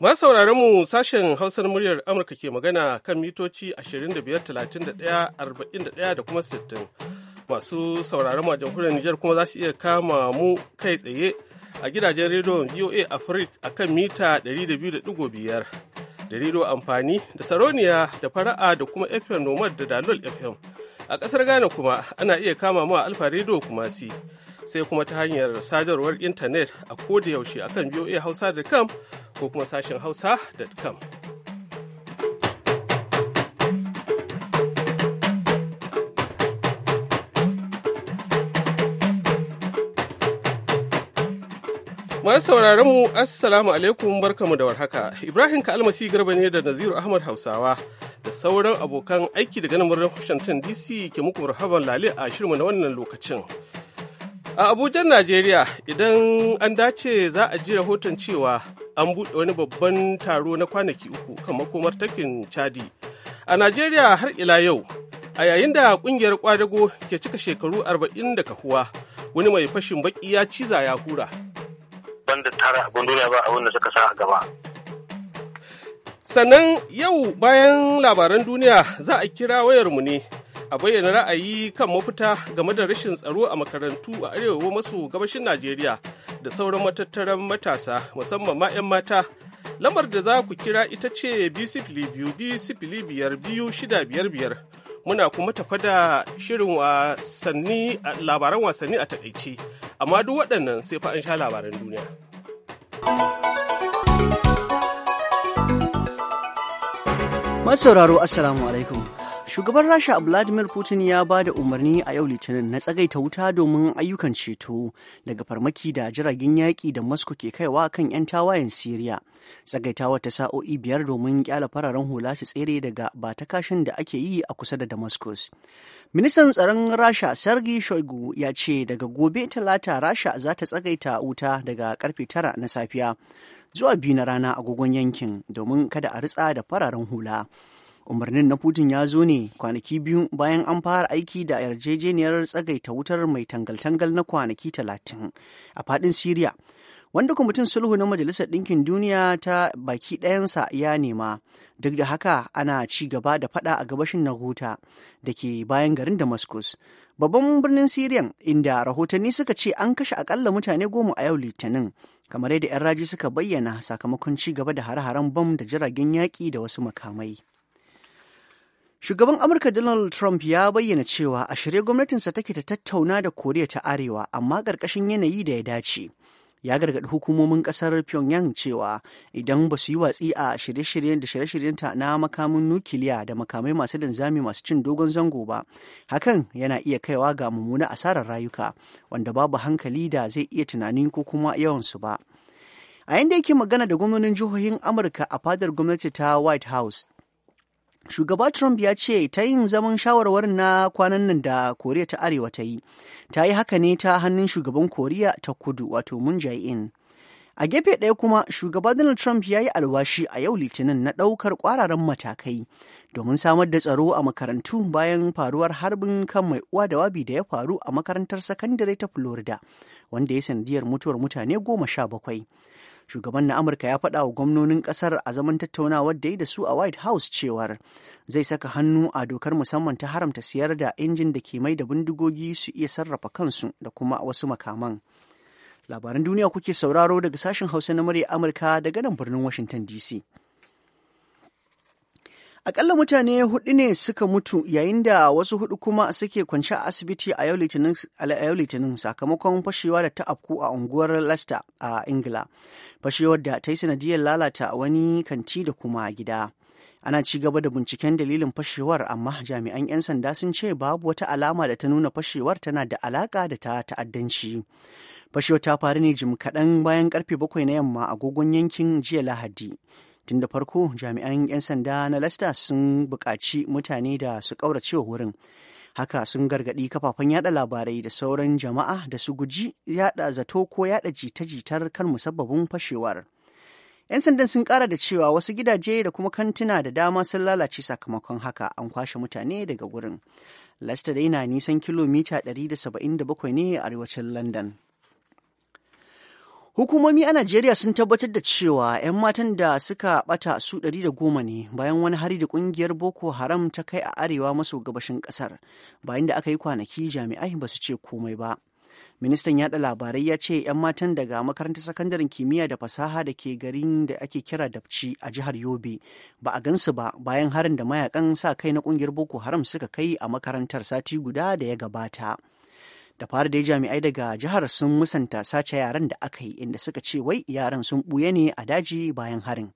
Ma sauraron mu sashen Hausar muryar Amurka ke magana kan mitoci 25, 31, 41 da kuma 60. Masu sauraron mu a jamhuriyar Nijar kuma za su iya kama mu kai tsaye a gidajen rediyon VOA Africa a kan mita 200.5 da rediyo amfani da Saroniya da Fara'a da kuma FM Nomad da Dalol FM. A ƙasar Ghana kuma ana iya kama mu a Alfa rediyo kuma si. sai kuma ta hanyar sadarwar intanet a kodayaushe akan kam ko kuma sashen hausa.com. Masu sauraron mu Assalamu alaikum barkamu da warhaka. Ibrahim Kalmasi Garba ne da Naziru Ahmad Hausawa da sauran abokan aiki daga nan birnin Washington DC ke muku marhaban lale a shirma na wannan lokacin. A Abuja, Najeriya, idan an dace za a ji rahoton cewa an buɗe wani babban taro na kwanaki uku kan makomar takin Chadi. A Najeriya har ila yau, a yayin da ƙungiyar ƙwadago ke cika shekaru arba'in da kahuwa, wani mai fashin baƙi ya ciza ya hura. Banda tara abin duniya ba abin da suka sa a gaba. Sannan yau bayan labaran duniya za a kira wayarmu ne a bayyana ra'ayi kan mafita game da rashin tsaro a makarantu a arewa maso gabashin Najeriya da sauran matattaran matasa musamman ma 'yan mata. Lamar da za ku kira ita ce biyar biyar Muna kuma tafa da shirin wasanni labaran wasanni a takaice, amma duk waɗannan sai fa an sha labaran duniya. Masauraro, Assalamu alaikum. Shugaban Rasha Vladimir Putin ya ba da umarni a yau Litinin na tsagaita wuta domin ayyukan ceto daga farmaki da jiragen yaƙi da Moscow ke kaiwa kan 'yan tawayen syria Tsagaitawa ta sa'o'i biyar domin kyala fararen hula su tsere daga batakashin da ake yi a kusa da Damascus. Ministan tsaron Rasha Sergei Shoigu ya ce daga gobe talata Rasha za ta tsagaita wuta daga karfe tara na safiya zuwa biyu na rana agogon yankin domin kada a ritsa da fararen hula. umarnin na putin ya zo ne kwanaki biyu bayan an fara aiki da yarjejeniyar tsagaita wutar mai tangal-tangal na kwanaki talatin a fadin syria wanda kwamitin sulhu na majalisar ɗinkin duniya ta baki ɗayansa ya nema duk da haka ana ci gaba da fada a gabashin huta da ke bayan garin damascus babban birnin syrian inda rahotanni suka ce an kashe akalla mutane goma a yau litinin kamar yadda 'yan raji suka bayyana sakamakon ci gaba da hare-haren bam da jiragen yaƙi da wasu makamai Shugaban Amurka Donald Trump ya bayyana cewa a shirye gwamnatinsa take ta tattauna da Koriya ta Arewa amma ƙarƙashin yanayi da ya dace. Ya gargaɗi hukumomin ƙasar Pyongyang cewa idan ba su yi watsi a shirye-shiryen da shirye-shiryenta na makamin nukiliya da makamai masu linzami masu cin dogon zango ba, hakan yana iya kaiwa ga mummuna asarar rayuka wanda babu hankali da zai iya tunanin ko kuma yawansu ba. A yanda yake magana da gwamnonin jihohin Amurka a fadar gwamnati ta White House, Shugaba Trump ya ce ta yin zaman shawarwarin na kwanan nan da Koriya ta Arewa ta yi, ta yi haka ne ta hannun shugaban Koriya ta kudu wato Moon Jae-in. A gefe ɗaya kuma shugaba Donald Trump ya yi alwashi a yau litinin na ɗaukar ƙwararren matakai domin samar da tsaro a makarantu bayan faruwar harbin kan mai uwa da wabi da ya faru a makarantar sakandare ta Florida wanda ya sanadiyar mutuwar mutane goma sha bakwai. shugaban na amurka ya faɗa wa gwamnonin ƙasar a zaman tattaunawar da yi da su a white house cewar zai saka hannu a dokar musamman ta haramta siyar da injin da ke mai da bindigogi su iya sarrafa kansu da kuma wasu makaman labaran duniya kuke sauraro daga sashen hausa na murya amurka daga nan birnin washington dc Akalla mutane hudu ne suka mutu yayin da wasu hudu kuma suke kwanci a asibiti a yau litinin sakamakon fashewa da ta afku a unguwar Leicester a Ingila. Fashewar da ta yi sanadiyar lalata wani kanti da kuma gida. Ana ci gaba da binciken dalilin fashewar amma jami'an 'yan sanda sun ce babu wata alama da ta nuna fashewar tana da alaka da ta ta'addanci. Fashewar ta faru ne jim kaɗan bayan karfe bakwai na yamma agogon yankin jiya Lahadi. tun da farko jami'an 'yan sanda na lasta sun buƙaci mutane da su ƙauracewa wurin haka sun gargaɗi kafafen yada labarai da sauran jama'a da su guji yada zato ko yada jita-jitar kan musabbabin fashewar 'yan sandan sun ƙara da cewa wasu gidaje da kuma kantuna da dama sun lalace sakamakon haka an kwashe mutane daga wurin. leicester dai na nisan kilomita 177 ne a arewacin london Hukumomi a Najeriya sun tabbatar da cewa 'yan matan da suka bata su goma ne bayan wani hari da kungiyar Boko Haram ta kai a arewa maso gabashin kasar, bayan da aka yi kwanaki jami'ai ba su ce komai ba. ministan yada labarai ya ce 'yan matan daga makarantar sakandaren kimiyya da fasaha da ke garin da ake kira dabci a jihar yobe ba a gansu ba bayan harin da mayakan sa kai na kungiyar boko haram suka kai a makarantar sati guda da ya gabata da fara dai jami'ai daga jihar sun musanta sace yaran da aka yi inda suka ce wai yaran sun buye ne a daji bayan harin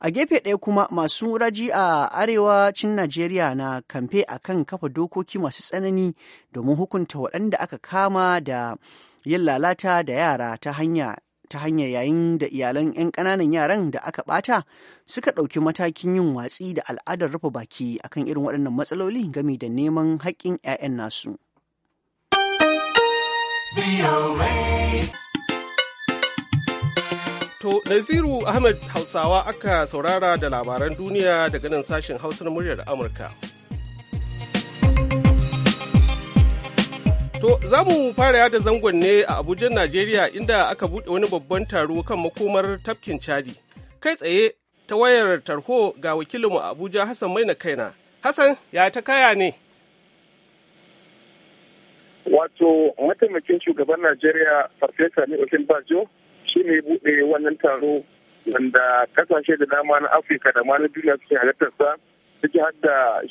a gefe ɗaya kuma masu raji a arewacin najeriya na kamfe a kan kafa dokoki masu tsanani domin hukunta waɗanda aka kama da yin lalata da yara ta hanya ta hanyar yayin da iyalan 'yan ƙananan yaran da aka ɓata suka ɗauki matakin yin watsi da al'adar rufe baki akan irin waɗannan matsaloli gami da neman haƙƙin 'ya'yan nasu. To, Naziru Ahmed Hausawa aka saurara da labaran duniya daga nan sashen Hausar muryar Amurka. To, za mu fara yada zangon ne a Abuja, Najeriya inda aka buɗe wani babban taro kan makomar tafkin Chadi. Kai tsaye ta wayar tarho ga wakilinmu a Abuja Hassan Maina kaina. Hassan, ya ta kaya ne? Wato mataimakin shugaban Najeriya Farfesa ne ofin Bajo shi ne buɗe wannan taro wanda kasashe da dama na Afirka da ma na duniya suke sa suke hadda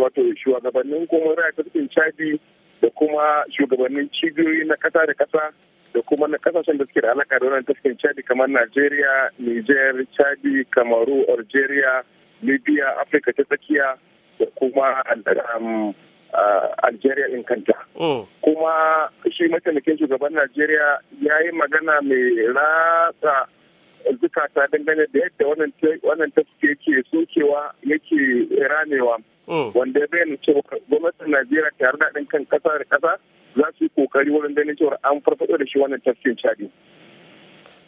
wato shugabannin kuma raya tafkin Chadi da kuma shugabannin cibiyoyi na ƙasa da kasa da kuma na kasashen da suke da alaka da wannan tafkin Chadi kamar Najeriya, Niger, Chadi, Kamaru, Algeria, Libya, Afirka ta tsakiya da kuma um, Algeria in kanta. Oh. Kuma shi mataimakin shugaban Najeriya ya yi magana mai ratsa zukata dangane da yadda wannan tafki ke sokewa yake ranewa. Oh. Wanda ya bayyana cewa gwamnatin Najeriya tare da ɗin kan kasa da kasa za su yi ƙoƙari wurin ganin cewa an farfaɗo da shi wannan tafkin cadi.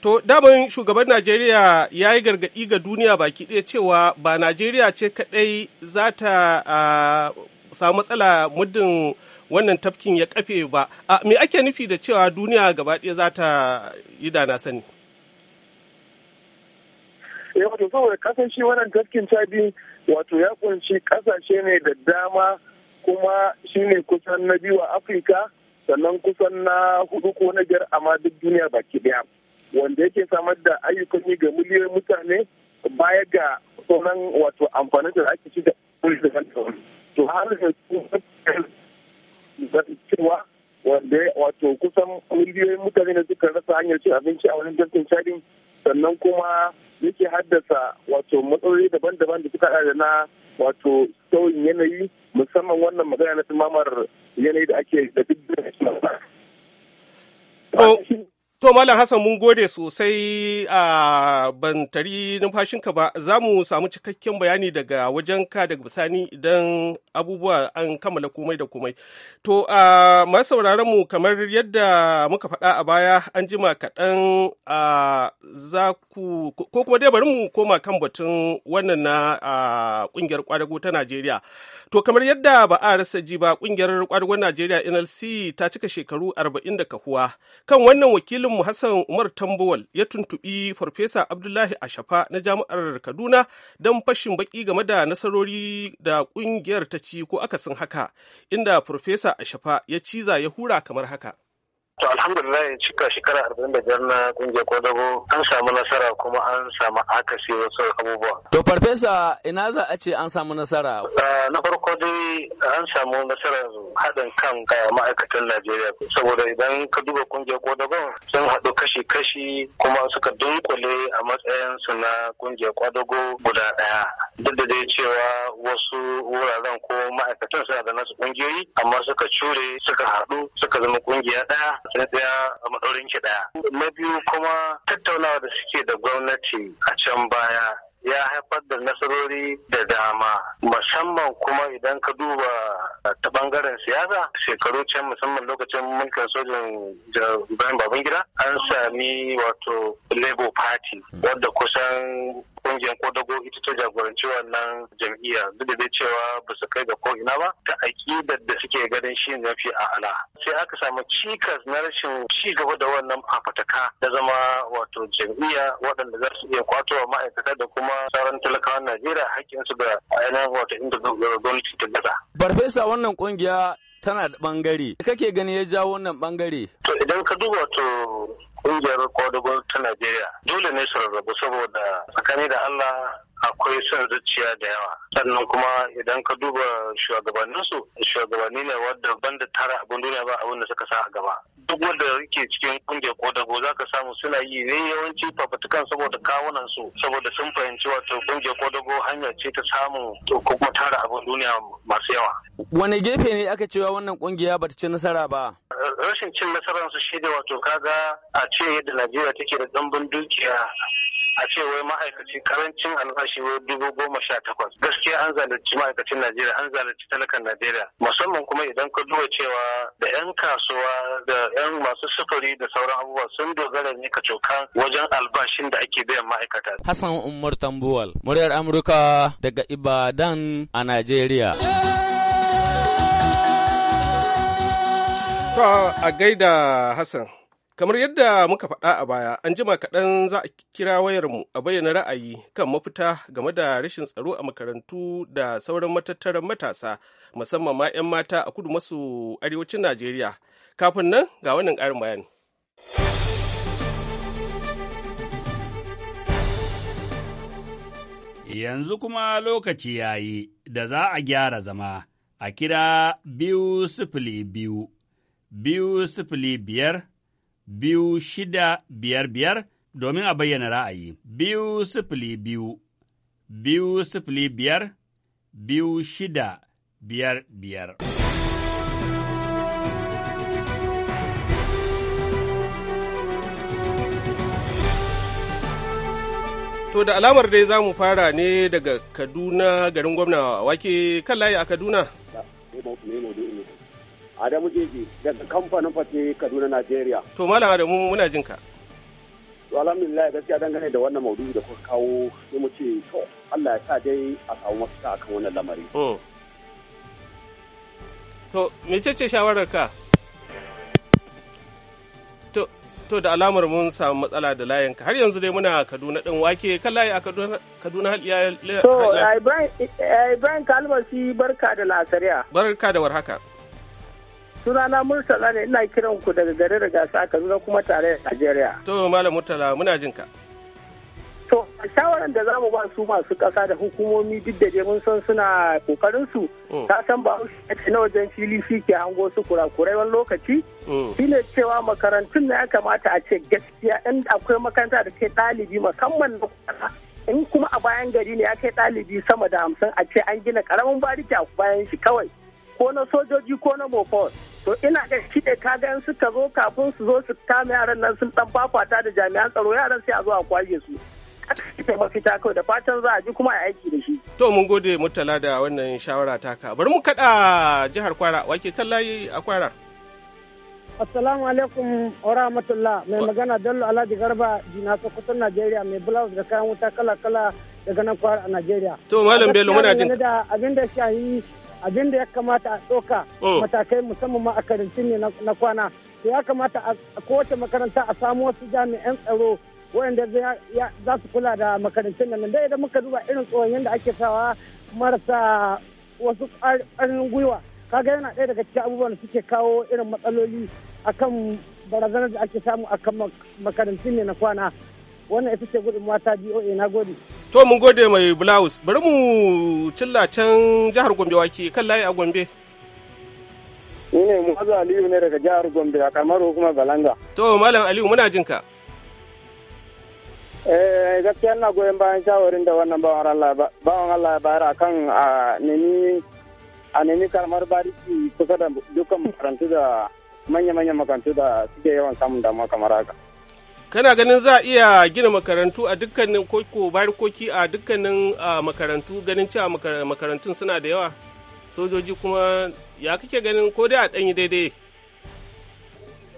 To daman shugaban Najeriya ya yi gargaɗi ga duniya baki ɗaya cewa ba Najeriya ce kaɗai za ta samu matsala muddin wannan tafkin ya kafe ba a me ake nufi da cewa duniya gaba ɗaya za ta yi da na sani ya eh, wato saboda kasan shi wannan tafkin chadi wato ya kunshi kasashe ne da dama kuma shi ne kusan na biyu a afirka sannan kusan na hudu ko na biyar amma duk duniya baki daya wanda yake samar da ayyukan yi ga miliyoyin mutane baya ga sauran wato amfanin da ake ci da to har da cewa wanda wato kusan miliyoyin mutane da suka rasa hanyar cin abinci a wani jirgin chadin sannan kuma yake haddasa wato matsaloli daban-daban da suka da na wato sauyin yanayi musamman wannan magana na tumamar yanayi da ake da duk da oh. To Malam Hassan mun gode sosai a ban tari numfashinka ba za mu samu cikakken bayani daga wajenka daga bisani idan abubuwa an kammala komai da komai. To a masu sauraron mu kamar yadda muka faɗa a baya an jima kaɗan a za ku ko kuma dai bari mu koma kan batun wannan na ƙungiyar kwadago ta Najeriya. To kamar yadda ba a rasa ji ba ƙungiyar kwadagon Najeriya NLC ta cika shekaru arba'in da kahuwa kan wannan wakilin wakilinmu Hassan Umar Tambuwal ya tuntuɓi Farfesa Abdullahi Ashafa na Jami'ar Kaduna don fashin baki game da nasarori da ƙungiyar ta ci ko akasin haka, inda Farfesa Ashafa ya ciza ya hura kamar haka. To alhamdulillah cika shekara arba'in da biyar na kungiyar kwadago an samu nasara kuma an samu akasi wasu abubuwa. To farfesa ina za a ce an samu nasara? Ah, na farko dai an samu nasarar haɗin kan ma'aikatan Najeriya saboda idan ka duba kungiyar kwadagon sun haɗu kashi-kashi kuma suka dunkule a matsayinsu na kungiyar kwadago guda ɗaya. duk da dai cewa wasu wuraren ko ma'aikatan suna da nasu kungiyoyi amma suka cure suka haɗu suka zama kungiya ɗaya sun tsaya a maɗaurin ki ɗaya na biyu kuma tattaunawa da suke da gwamnati a can baya ya haifar da nasarori da dama musamman kuma idan ka duba ta bangaren siyasa shekaru can musamman lokacin mulkin sojin Ibrahim Babangida an sami wato Labour Party wadda kusan kungiyar kodago ita ta jagoranci wannan jam'iyya duk da dai cewa ba su kai ga ko'ina ba ta aƙidar da suke ganin shi ne fi ala. sai aka samu cikas na rashin ci gaba da wannan fafataka da zama wato jam'iyya waɗanda za su iya kwatowa ma'aikata da kuma sauran talakawan Najeriya su da ainihin wata inda gwamnati ta gaza. Farfesa wannan kungiya tana da bangare. Kake gani ya jawo wannan bangare? To idan ka duba to kungiyar kwadagon ta Najeriya dole ne su rarrabu saboda tsakani da Allah akwai son zuciya da yawa sannan kuma idan ka duba shugabanninsu shugabanni ne wadda banda tara abin duniya ba abin da suka sa a gaba duk wanda yake cikin kungiyar dago za ka samu suna yi ne yawanci fafutukan saboda kawunan su saboda sun fahimci wato kungiyar dago hanya ce ta samun ko kuma tara abin duniya masu yawa wani gefe ne aka cewa wannan kungiya bata ci nasara ba rashin cin nasararsu shi ne wato kaga a ce yadda najeriya take da mai dukiya a ce wai ma'aikaci karancin albashi wai dubu goma sha takwas gaskiya an zalunci ma'aikacin najeriya an zalunci talakan najeriya musamman kuma idan ka duba cewa da yan kasuwa da yan masu sufuri da sauran abubuwa sun dogara ne ka coka wajen albashin da ake biyan ma'aikata hassan umar tambuwal muryar amurka daga ibadan a najeriya To a gaida Hassan Kamar yadda muka faɗa a baya, an jima kaɗan za a kira wayarmu a bayyana ra'ayi kan mafita game da rashin tsaro a makarantu da sauran matattaran matasa, musamman ma 'yan mata a kudu maso arewacin Najeriya. Kafin nan ga wannan ƙarin bayani. Yanzu kuma lokaci ya yi da za a gyara zama, a kira biyu sifili biyu, biyu sifili biyar, biyu shida biyar biyar domin a bayyana ra'ayi. Biyu sifili biyu, biyu sifili biyar, biyu shida biyar biyar. To da alamar dai za mu fara ne daga Kaduna garin gwamna wake kan layi a Kaduna. Eh, Adamu Jeji daga kamfanin fate Kaduna Najeriya. To Malam Adamu muna jin ka. To alhamdulillah gaskiya dangane da wannan maudu'i da kuka kawo sai mu ce to Allah ya sa dai a samu mafita akan wannan lamari. Oh. To ce shawarar ka? To to da alamar mun samu matsala da layin ka har yanzu dai muna Kaduna din wake kan layi a Kaduna Kaduna haliya. To Ibrahim eh, Ibrahim Kalmasi barka da lasariya. Barka da warhaka. sunana Murtala ne ina kiran ku daga garin Rigasa Kaduna kuma tare da Najeriya. To Malam Murtala muna jin ka. To shawaran da zamu ba su masu kasa da hukumomi duk da mun san suna kokarin su ta mm. san ba ce na wajen fili shi ke hango su kurakurai wani lokaci mm. shine cewa makarantun na ya kamata a ce gaskiya in akwai makaranta da ke ɗalibi musamman na kusa in kuma a bayan gari ne ya kai ɗalibi sama da hamsin a ce an gina karamin bariki a bayan shi kawai ko na sojoji ko na mofon to ina ga shi ne kaga in suka zo kafin su zo su kame yaran nan sun dan fafata da jami'an tsaro yaran sai a zo a kwaje su ita mafita kawai da fatan za a ji kuma a aiki da shi to mun gode murtala da wannan shawara taka bari mu kada jihar kwara wake kan layi a kwara Assalamu alaikum wa rahmatullah mai magana dallo Alhaji Garba jina Sokoton Najeriya mai blouse da kayan wuta kala-kala daga nan kwara a Najeriya. To Malam Bello muna jin. abin da shahi abin da ya kamata a tsoka oh. matakai musamman ma a karanci ne na kwana to ya kamata a kowace makaranta a samu wasu jami'an tsaro wayanda za su kula da makarantun nan da idan muka duba irin tsohon yadda ake sawa marasa wasu ƙarnin gwiwa kaga yana ɗaya daga cikin abubuwan da suke kawo irin matsaloli akan barazanar da ake samu akan makarantun ne na kwana wannan ita ce gudun ta BOA na gode. To mun gode mai Blouse bari mu cilla can jihar Gombe wake kan layi a Gombe. Ni ne Muhammadu Aliyu ne daga jihar Gombe a kamar hukumar Balanga. To Malam Aliyu muna jin ka. Eh gaskiya na goyon bayan shawarin da wannan bawan Allah bawan Allah ya bayar akan a nemi a nemi kalmar bariki kusa da dukkan makarantu da manya-manyan makarantu da suke yawan samun damuwa kamar haka. kana ganin za a iya gina makarantu a dukkanin koko barikoki a dukkanin makarantu ganin cewa makarantun suna da yawa sojoji kuma ya kake ganin ko dai a ɗanyi daidai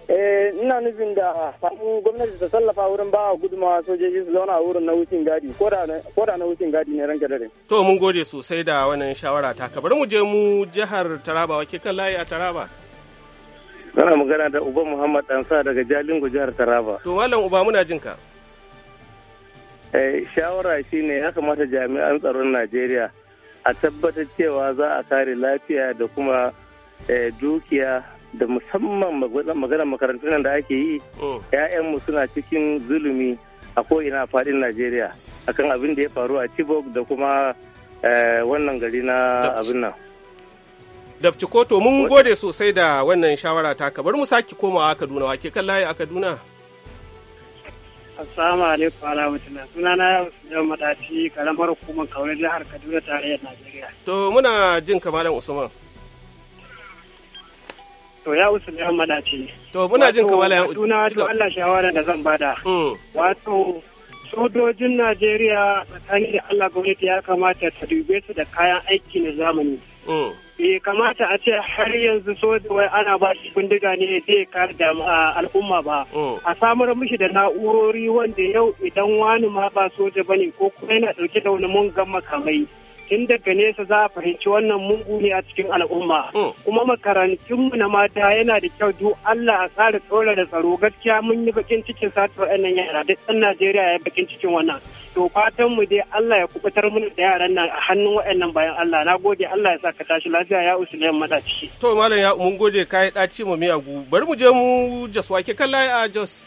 eh, ina nufin da samu gwamnati ta tallafa wurin ba gudunmawa sojoji su zauna a wurin na wucin gadi ko da na wucin gadi ne ranke dare. To mun gode sosai da wannan shawara ta ka bari mu je mu jihar Taraba wake kan layi a Taraba. Zana magana da Uba Muhammad Ɗansa daga Jalingo jihar Taraba. To Malam Uba muna jin ka. Eh, shawara shine ya kamata jami'an tsaron Najeriya a tabbatar cewa za a kare lafiya da kuma eh, dukiya da musamman magana makarantun da ake yi mm. 'ya'yanmu suna cikin zulumi a ko'ina faɗin Najeriya akan abin da ya faru a Chibok da kuma eh, wannan gari na abin nan. Dabcikoto mun gode sosai da wannan shawara ta ka mu sake komawa Kaduna wa ke layi a Kaduna. Assalamu alaikum wa rahmatullah. Sunana Usman Madaci karamar hukumar kaunar jihar Kaduna tarayyar Najeriya. To muna jin kamalan Usman. To ya Usman Madaci. To muna jin kamalan Usman. Kaduna Allah shawara da zan bada. Hmm. Wato sojojin Najeriya tsakanin da Allah gwamnati ya kamata ta dube su da kayan aiki na zamani. Hmm. bai kamata a ce har yanzu soja wai ana ba shi bindiga ne zai kar da al'umma ba oh. a samar mishi da na'urori wanda yau idan wani ma ba soja bane ko kuma yana dauke da wani mungan makamai tun daga nesa za a fahimci wannan mungu ne a cikin al'umma oh. kuma makarantunmu na mata yana da kyau duk Allah a tsara tsora da tsaro gaskiya mun yi bakin cikin satar wa'annan yara duk ɗan Najeriya ya bakin cikin wannan to fatan mu dai Allah ya kubutar mu da yaran nan a hannun waɗannan bayan Allah na gode Allah ya sa ka tashi lafiya ya da madaci to malam ya mun gode kai daci mu miyagu bari mu je mu Jos wake kalla a Jos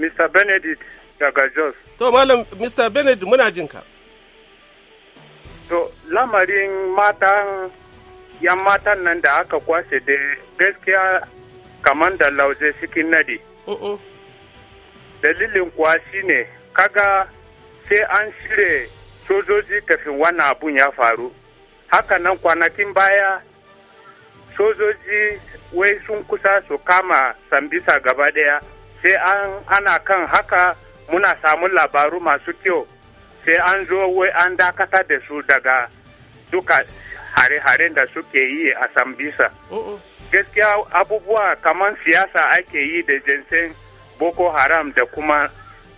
Mr Benedict daga Jos to malam Mr Benedict muna jin ka to lamarin matan yan matan nan da aka kwashe da gaskiya kamar da lauje cikin nadi. Uh -uh. dalilin kuwa shine kaga sai an shirya sojoji kafin wannan abun ya faru haka hakanan kwanakin baya sojoji wai sun kusa su kama sambisa gaba daya sai an ana kan haka muna samun labaru masu kyau sai an zo wai an dakata da su daga duka hare hare da suke yi a sambisa oh, oh. gaskiya abubuwa kamar siyasa ake yi da jinsin boko haram da kuma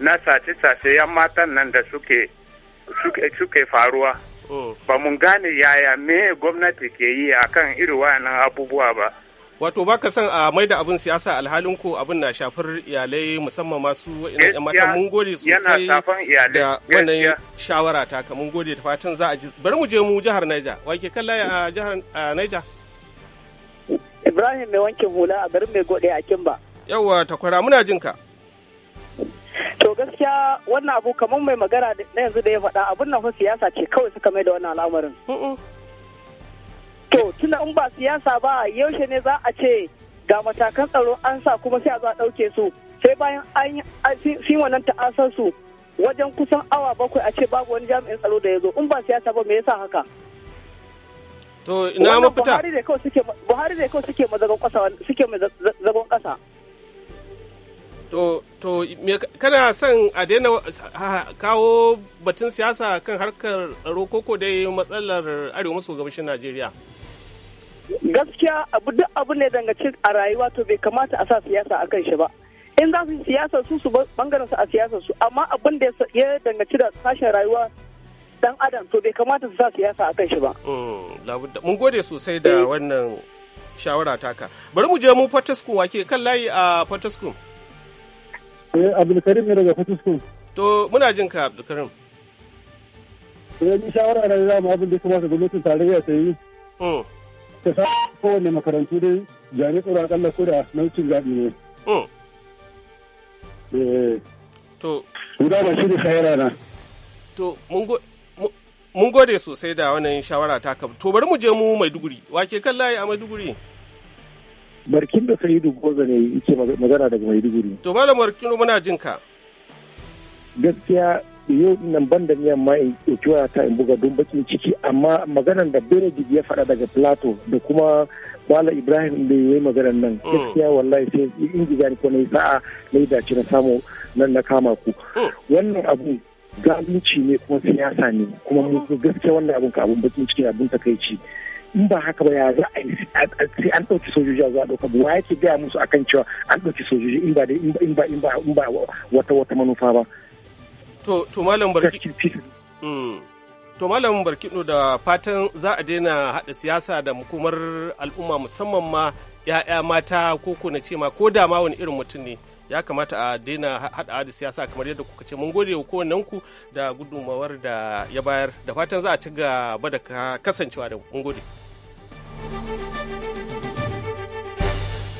na sace-sace yan matan nan da suke suke faruwa oh. ba mun gane yaya me gwamnati ke yi kan iri wayannan abubuwa ba wato baka san a da abin siyasa alhalin ko abin na shafar iyalai musamman masu wa'annan mata mun gode sosai da wannan shawara ta ka mun gode da fatan za a ji bari mu je mu jihar naija. wake kalla a jihar naija Ibrahim mai wankin hula a garin mai gode a Kimba Yawwa takwara muna jin ka. To gaskiya wannan abu kamar mai magana na yanzu da ya faɗa abin nan fa siyasa ce kawai suka mai da wannan al'amarin. To tunda in ba siyasa ba yaushe ne za a ce ga matakan tsaro an sa kuma sai a zo a ɗauke su sai bayan an yi wannan ta'asar su wajen kusan awa bakwai a ce babu wani jami'in tsaro da ya zo in ba siyasa ba me yasa haka. To ina mafita. Buhari da kawai suke suke mazagon kasa. To, to me kana son a daina kawo batun siyasa kan harkar tsaro koko dai matsalar arewa maso gabashin Najeriya? Gaskiya abu duk abu ne dangace a rayuwa to bai kamata a sa siyasa a kan shi ba. In za su siyasa su su bangaren su a siyasa su amma abin da ya dangace da sashen rayuwa dan adam to bai kamata su sa siyasa a kan shi ba. Mm, mun gode sosai da eh. wannan shawara taka. Bari mu je mu fatasku wake kan layi a Fortescue. Eh, Abdulkarim ne daga Fatiskun. To, muna jin ka Abdulkarim. Eh, ni shawara na da mu abin da kuma ta gwamnatin tarayya ta yi. Hmm. Ta sa kowane makarantu dai tsoro a ƙalla koda na naucin zaɓi ne. Hmm. Eh. To. Guda ba shi da shawara na. To, mun gode sosai da wannan shawara ta kam. To, bari mu je mu Maiduguri. Wake kan layi a Maiduguri? barkin da sayidu goza ne yake magana daga maiduguri to malam Markin muna jin ka gaskiya yau nan ban da miyan ma in ɗauki wayata in buga don bakin ciki amma maganan da benedict ya faɗa daga plato da kuma bala ibrahim da ya yi maganan nan hmm. gaskiya wallahi sai in gida ko na yi sa'a na yi dace na samu nan na kama ku hmm. wannan abu zalunci ne kuma siyasa ne kuma hmm. gaskiya wannan abun ka abun bakin ciki abun takaici in ba haka ba ya za a sai an ɗauki sojoji a zuwa ɗauka wa yake gaya musu akan cewa an ɗauki sojoji in ba in ba in ba in ba wata wata manufa ba to to malam barki mm. to malam da fatan za a daina haɗa siyasa da hukumar al'umma musamman ma ya'ya mata ko ko na ce ma ko da ma wani irin mutum ne ya kamata a daina haɗa da siyasa kamar yadda kuka ce mun gode wa kowannen ku da gudunmawar da ya bayar da fatan za a ci gaba da kasancewa da mun gode.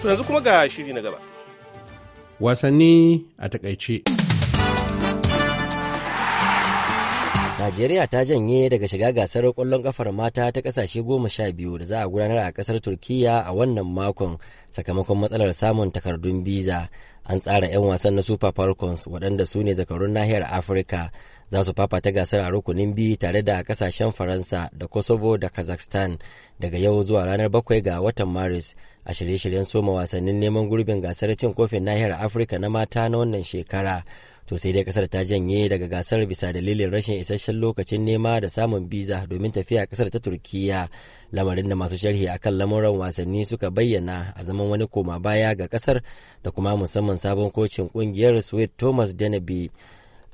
yanzu kuma ga shiri na gaba. Wasanni a takaice. Najeriya ta janye daga shiga gasar kwallon kafar mata ta kasashe goma sha biyu da za a gudanar a kasar Turkiyya a wannan makon sakamakon matsalar samun takardun biza. an tsara 'yan wasan na super falcons waɗanda su ne zakarun nahiyar afirka za su fafata gasar a rukunin biyu tare da kasashen faransa da kosovo da kazakhstan daga yau zuwa ranar bakwai ga watan maris a shirye-shiryen soma wasannin neman gurbin gasar cin kofin nahiyar afirka na mata na wannan shekara to sai dai kasar ta janye daga gasar bisa dalilin rashin isasshen lokacin nema da samun biza domin tafiya kasar ta turkiya lamarin da masu sharhi akan lamuran wasanni suka bayyana a zaman wani koma baya ga kasar da kuma musamman samun sabon kocin kungiyar Sweet Thomas Denaby,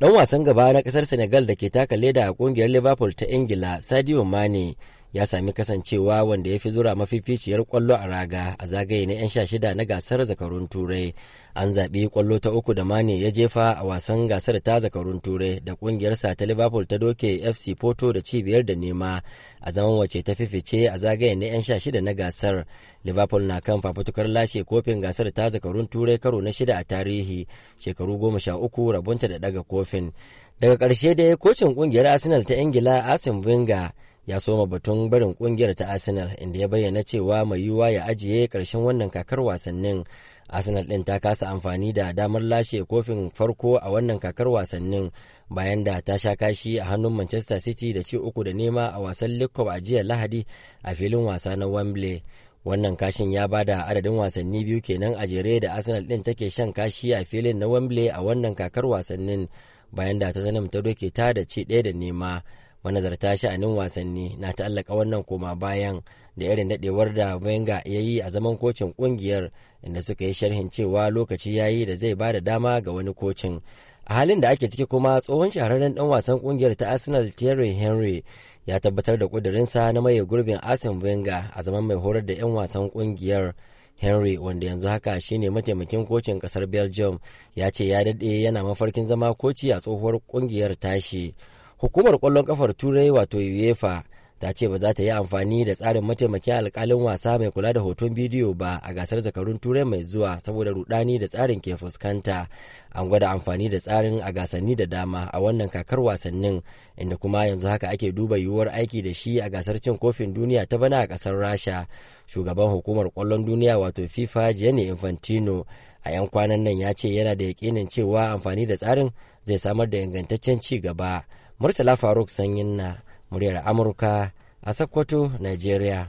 Dan wasan gaba na kasar Senegal da ke taka leda a kungiyar Liverpool ta Ingila Sadio Mane ya sami kasancewa wanda ya fi zura mafificiyar kwallo a raga a zagaye na 'yan sha shida na gasar zakarun turai an zaɓi kwallo ta uku da mane ya jefa a wasan gasar ta zakarun turai da ƙungiyarsa ta liverpool ta doke fc porto da cibiyar da nema a zaman wace ta fifice a zagaye na 'yan sha shida na gasar liverpool na kan fafutukar lashe kofin gasar ta zakarun turai karo na shida a tarihi shekaru goma sha uku rabonta da daga kofin daga ƙarshe dai kocin ƙungiyar arsenal ta ingila arsene wenger ya soma batun barin kungiyar ta arsenal inda ya bayyana cewa mai yiwuwa ya ajiye karshen wannan kakar wasannin arsenal ɗin ta kasa amfani da damar lashe kofin farko a wannan kakar wasannin bayan da ta sha kashi a hannun manchester city da ci uku da nema a wasan league a jiya lahadi a filin wasa na wembley wannan kashin ya bada adadin wasanni biyu kenan a jere da arsenal ɗin take shan kashi a filin na wembley a wannan kakar wasannin bayan da ta zanen ta doke ta da ci ɗaya da nema manazarta sha'anin wasanni na ta'allaka wannan koma bayan da irin daɗewar da Wenga ya yi a zaman kocin ƙungiyar inda suka yi sharhin cewa lokaci ya yi da zai ba da dama ga wani kocin. A halin da ake ciki kuma tsohon shahararren dan wasan ƙungiyar ta Arsenal Thierry Henry ya tabbatar da ƙudurinsa na maye gurbin Arsene Wenger a zaman mai horar da 'yan wasan ƙungiyar. henry wanda yanzu haka shine mataimakin kocin kasar belgium ya ce ya daɗe yana mafarkin zama koci a tsohuwar kungiyar tashi hukumar kwallon kafar turai wato uefa ta ce ba za ta yi amfani da tsarin mataimakin alkalin wasa mai kula da hoton bidiyo ba a gasar zakarun turai mai zuwa saboda rudani da tsarin ke fuskanta an gwada amfani da tsarin a gasanni da dama a wannan kakar wasannin inda kuma yanzu haka ake duba yiwuwar aiki da shi a gasar cin kofin duniya ta bana a kasar rasha shugaban hukumar kwallon duniya wato fifa ne infantino a 'yan kwanan nan ya ce yana da yakinin cewa amfani da tsarin zai samar da ingantaccen ci gaba murtala faruk sanyin na muryar amurka a sokoto nigeria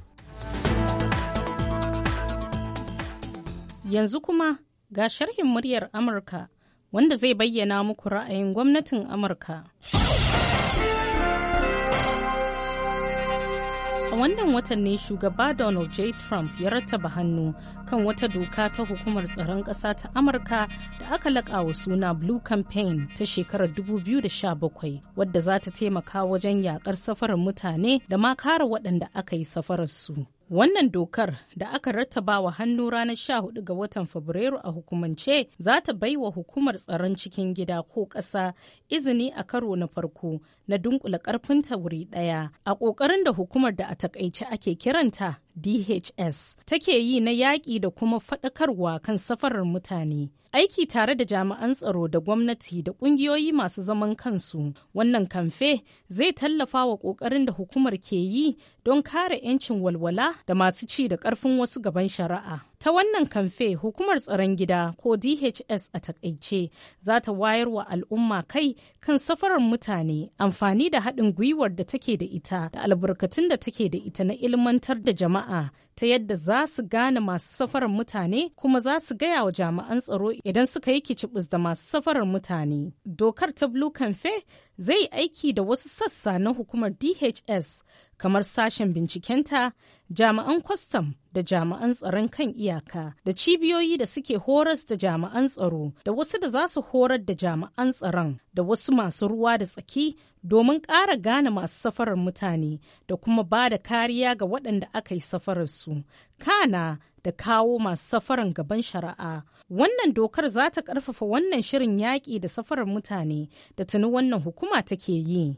yanzu kuma ga sharhin muryar amurka wanda zai bayyana muku ra'ayin gwamnatin amurka. wannan watan ne shugaba Donald J. Trump ya rattaba hannu kan wata doka ta hukumar tsaron ƙasa ta Amurka da aka laƙawa suna Blue Campaign ta shekarar 2017 wadda za ta taimaka wajen yaƙar safarin mutane da ma kare waɗanda aka yi su Wannan dokar da aka rattaba wa hannu ranar 14 ga watan Fabrairu a hukumance za ta baiwa hukumar tsaron cikin gida ko ƙasa izini a karo na farko na dunkula karfinta wuri ɗaya a ƙoƙarin da hukumar da a takaice ake kiranta DHS take yi na yaƙi da kuma faɗakarwa kan safarar mutane. Aiki tare da jami'an tsaro da gwamnati da ƙungiyoyi masu zaman kansu. Wannan kamfe zai tallafa wa ƙoƙarin da hukumar ke yi don kare 'yancin walwala da masu ci da ƙarfin wasu gaban shari'a. Ta wannan kamfe hukumar tsaron gida ko DHS a takaice za ta wayar wa al'umma kai kan safarar mutane amfani da haɗin gwiwar da take da ita da albarkatun da take da ita na ilmantar da jama'a ta yadda za su gane masu safarar mutane kuma za su gaya wa jami'an tsaro idan suka yi kicibis da masu safarar mutane. Dokar ta Blue Campaign zai aiki da wasu sassa na hukumar DHS kamar sashen bincikenta jami'an kwastam da jami'an tsaron kan iyaka da cibiyoyi da suke horas da jami'an tsaro da wasu da za su horar da jami'an tsaron da wasu masu ruwa da tsaki domin ƙara gane masu safarar mutane da kuma ba da kariya ga waɗanda aka yi safararsu kana da kawo masu safaran gaban shari'a wannan dokar za ta ƙarfafa wannan shirin yaƙi da safarar mutane da tuni wannan hukuma take yi.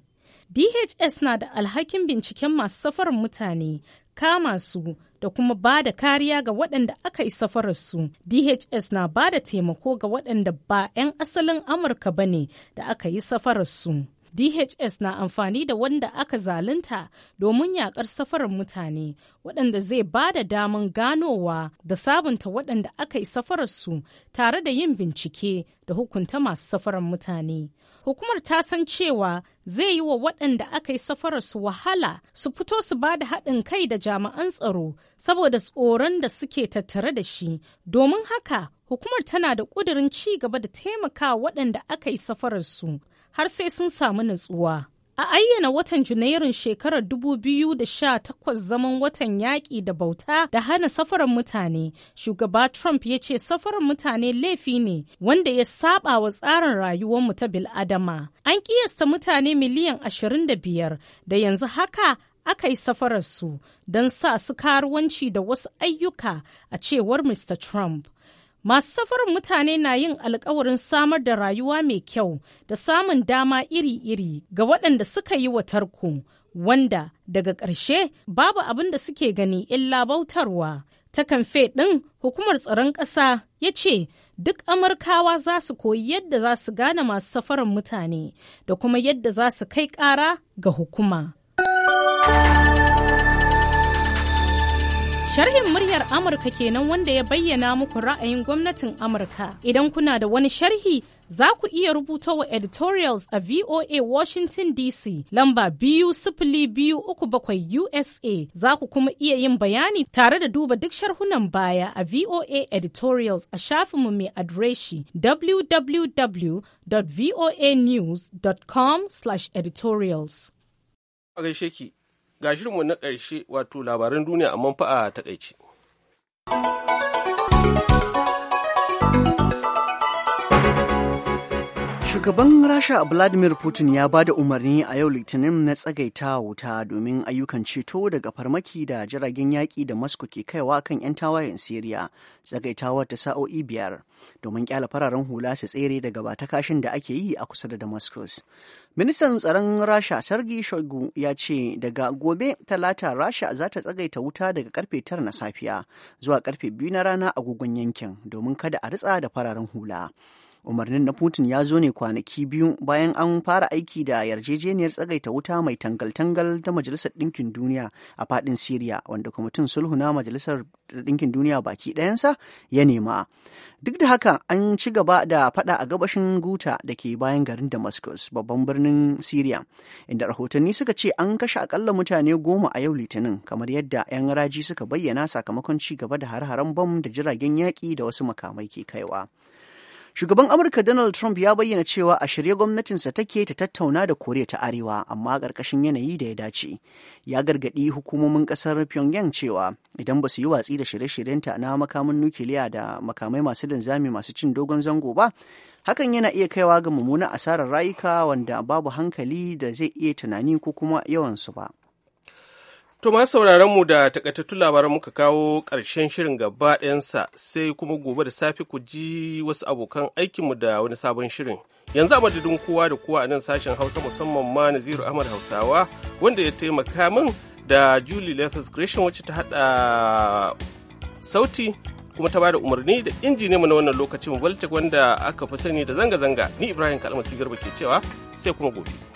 DHS na da alhakin binciken masu safarar mutane, kama su da kuma ba da kariya ga waɗanda aka yi safararsu. DHS na ba da taimako ga waɗanda ba 'yan asalin Amurka ba ne da aka yi safararsu. DHS na amfani da wanda aka zalunta domin yakar safarar mutane waɗanda zai ba da daman ganowa da sabunta waɗanda aka yi safararsu tare da yin bincike da hukunta masu safarar mutane. Hukumar ta san cewa zai yi wa waɗanda aka yi safararsu wahala su fito su ba da haɗin kai da jami'an tsaro saboda tsoron da suke tattare da shi domin haka hukumar tana da ƙudurin ci gaba da taimaka waɗanda aka yi safararsu har sai sun samu natsuwa. A ayyana watan Janairun shekarar 2018 zaman watan yaƙi da bauta da hana safarar mutane, shugaba Trump ya ce safarar mutane laifi ne wanda ya saba wa tsarin rayuwarmu ta bil'adama. An ƙiyasta mutane miliyan 25 da yanzu haka aka yi safararsu don sa su karuwanci da wasu ayyuka a cewar Mr. Trump. Masu safarin mutane na yin alkawarin samar da rayuwa mai kyau da samun dama iri-iri ga waɗanda suka yi wa tarko, wanda daga ƙarshe babu abin da suke gani illa bautarwa. Ta kamfe ɗin hukumar tsaron ƙasa ya ce duk Amurkawa za su koyi yadda za su gane masu safarin mutane da kuma yadda za su kai ƙara ga hukuma. Sharhin muryar Amurka kenan wanda ya bayyana muku ra'ayin gwamnatin Amurka. Idan kuna da wani sharhi za ku iya rubuta wa editorials a VOA Washington DC lamba biyu sifili biyu uku bakwai USA za ku kuma iya yin bayani tare da duba duk sharhunan baya a VOA editorials a shafinmu mai adireshi www.voanews.com/editorials. A gaishe ki ga shirinmu na ƙarshe wato labaran duniya amma fa a takaice. Shugaban Rasha Vladimir Putin ya ba da umarni a yau Litinin na tsagaita wuta domin ayyukan ceto daga farmaki da jiragen yaƙi da Moscow ke kaiwa kan 'yan tawayen Siriya tsagaitawar ta sa'o'i biyar domin kyala fararen hula su tsere daga kashin da ake yi a kusa da Damascus. Ministan tsaron Rasha Sergei Shoigu ya ce daga gobe talata Rasha za ta tsagaita wuta daga karfe tara na safiya zuwa karfe biyu na rana a agogon yankin domin kada a ritsa da fararen hula. umarnin na putin ya zo ne kwanaki biyu bayan an fara aiki da yarjejeniyar tsagaita wuta mai tangal-tangal ta majalisar ɗinkin duniya a fadin syria wanda kwamitin sulhu na majalisar ɗinkin duniya baki ɗayansa ya nema duk da haka an ci gaba da faɗa a gabashin guta da ke bayan garin damascus babban birnin syria inda rahotanni suka ce an kashe akalla mutane goma a yau litinin kamar yadda 'yan raji suka bayyana sakamakon ci gaba da har-haren bom da jiragen yaƙi da wasu makamai ke kaiwa. Shugaban Amurka Donald Trump ya bayyana cewa a shirye gwamnatinsa take ta tattauna da Koriya ta Arewa amma ƙarƙashin yanayi da ya dace. Ya gargaɗi hukumomin ƙasar Pyongyang cewa idan ba su yi watsi da shirye-shiryenta na makamin nukiliya da makamai masu linzami masu cin dogon zango ba, hakan yana iya kaiwa ga mummunan asarar rayuka wanda babu hankali da zai iya tunani ko kuma yawansu ba. To ma sauraron mu da takaitattun labaran muka kawo ƙarshen shirin gaba ɗayansa sai kuma gobe da safe ku ji wasu abokan aikinmu da wani sabon shirin. Yanzu a madadin kowa da kowa a nan sashen Hausa musamman ma Naziru Ahmad Hausawa wanda ya taimaka min da Julie Lathis Gresham wacce ta haɗa sauti kuma ta bada umarni da injini mu na wannan lokacin Voltec wanda aka fi sani da zanga-zanga ni Ibrahim Kalmasi Garba ke cewa sai kuma gobe.